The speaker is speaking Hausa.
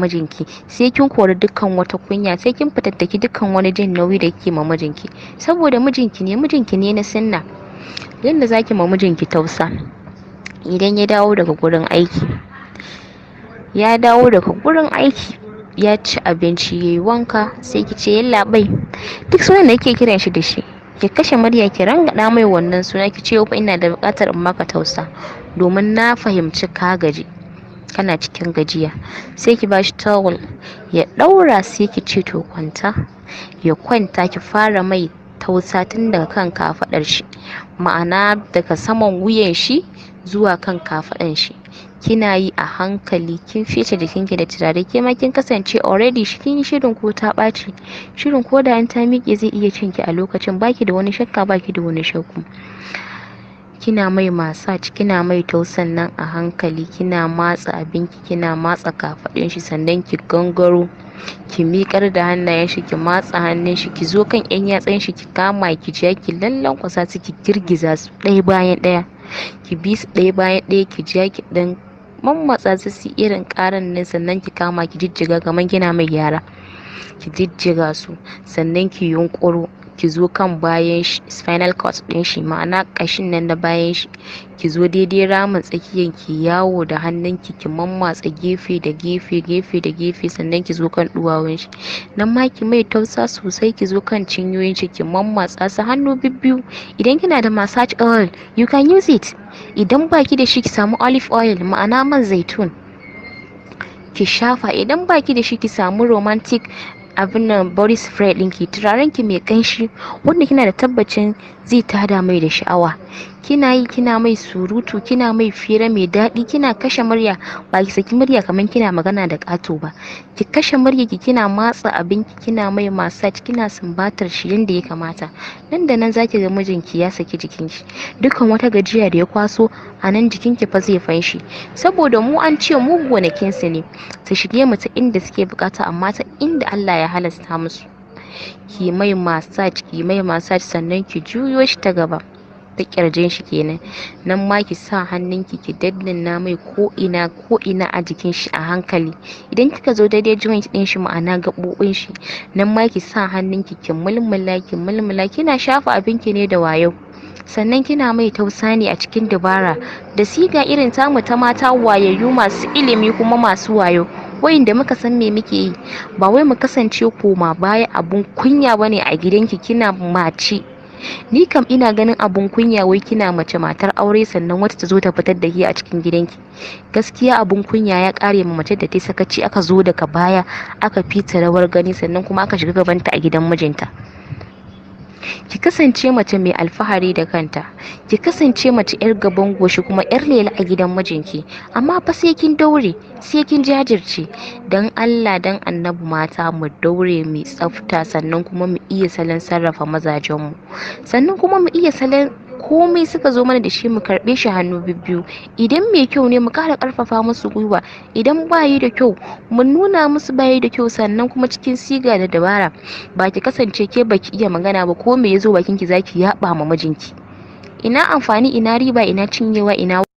mijinki sai kin kori dukkan wata kunya sai kin fitattaki dukkan wani jin nauyi da kike ma mijinki saboda mijinki ne mijinki ne na sunna yadda zaki ma mijinki tausa idan ya dawo daga gurin aiki ya dawo daga gurin aiki ya ci abinci ya yi wanka sai ki ce yallaɓai duk sunan da yake kiran shi da shi ki kashe murya ki rangada mai wannan suna ki ce ina da bukatar in maka tausa domin na fahimci ka gaji kana cikin gajiya sai ki bashi towel ya daura sai ki ce to kwanta ya kwanta ki fara mai tausa tun daga kan kafaɗar shi ma'ana daga saman wuyan shi zuwa kan kafadan shi kina yi a hankali kin fice jikinki da turare ke ma kin kasance already kin yi shirin ko ta ɓaci shirin ko da ta miƙe zai iya cinki a lokacin baki da wani shakka baki da wani shakku kina mai massage kina mai tausannan nan a hankali kina matsa abinki kina matsa kafadin shi sannan ki gangaro ki miƙar da hannayen shi ki matsa hannun shi ki zo kan yan yatsan shi ki kama ki ja ki lallankwasa su ki girgiza su ɗaya bayan ɗaya ki bi su ɗaya bayan ɗaya ki ja ki dan mammatsa su su irin karan nan sannan ki kama ki jijjiga kamar kina mai yara ki jijjiga su sannan ki yunƙuro ki zo kan bayan shi spinal cord din shi ma'ana kashin nan na bayan shi ki zo daidai ramin tsakiyan ki yawo da hannun ki ki mammatsa gefe da gefe gefe da gefe sannan ki zo kan duwawun shi nan ma ki mai tausa sosai ki zo kan cinyoyin shi ki mammatsa su hannu bibbiyu idan kina da massage oil you can use it idan baki da shi ki samu olive oil ma'ana man zaitun ki shafa idan baki da shi ki samu romantic abin nan fred spray ɗinki turaren ki mai kanshi wanda kina da tabbacin zai tada mai da sha'awa kina yi kina mai surutu kina mai fira mai daɗi kina kashe murya ba ki saki murya kamar kina magana da ƙato ba ki kashe murya ki kina matsa abinki kina mai massage kina sumbatar shi yadda ya kamata nan da nan zaki ga mijinki ya saki jikin shi dukkan wata gajiya da ya kwaso a nan ki fa zai fanshi saboda mu an ce mu gonakinsu ne su shige mu ta inda suke bukata amma ta inda Allah ya halasta musu ki mai massage ki mai massage sannan ki juyo shi ta gaba ta kirjin shi kenan nan ma ki sa hannunki ki daddana mai ko ina ko ina a jikin shi a hankali idan kika zo daidai joint din shi ma'ana gabobin shi nan ma ki sa hannunki ki mulmula ki mulmula kina shafa abinki ne da wayo sannan kina mai tausani a cikin dabara da siga irin tamu ta mata wayayyu masu ilimi kuma masu wayo wayanda muka san me muke yi ba wai mu kasance koma baya abun kunya bane a gidanki kina mace ni kam ina ganin abun kunya wai kina mace matar aure sannan wata ta zo ta fitar da ke a cikin gidanki gaskiya abun kunya ya kare ma mace da ta sakaci aka zo daga baya aka fita rawar gani sannan kuma aka shiga gabanta a gidan mijinta ki kasance mace mai alfahari da kanta ki kasance mace yar gaban goshi kuma yar lela a gidan mijinki amma fa sai kin daure sai kin jajirce dan Allah dan annabi mata mu daure mu tsafta sannan kuma mu iya salon sarrafa mazajenmu sannan kuma mu iya salon komai suka zo mana da shi mu karɓe shi hannu biyu idan mai kyau ne mu kara karfafa musu gwiwa idan bayi da kyau mu nuna musu bayi da kyau sannan kuma cikin siga da dabara ba ki kasance ke baki iya magana ba ko me yazo zo bakin ki zaki yaɓa ma mijinki ina amfani ina riba ina cinyewa ina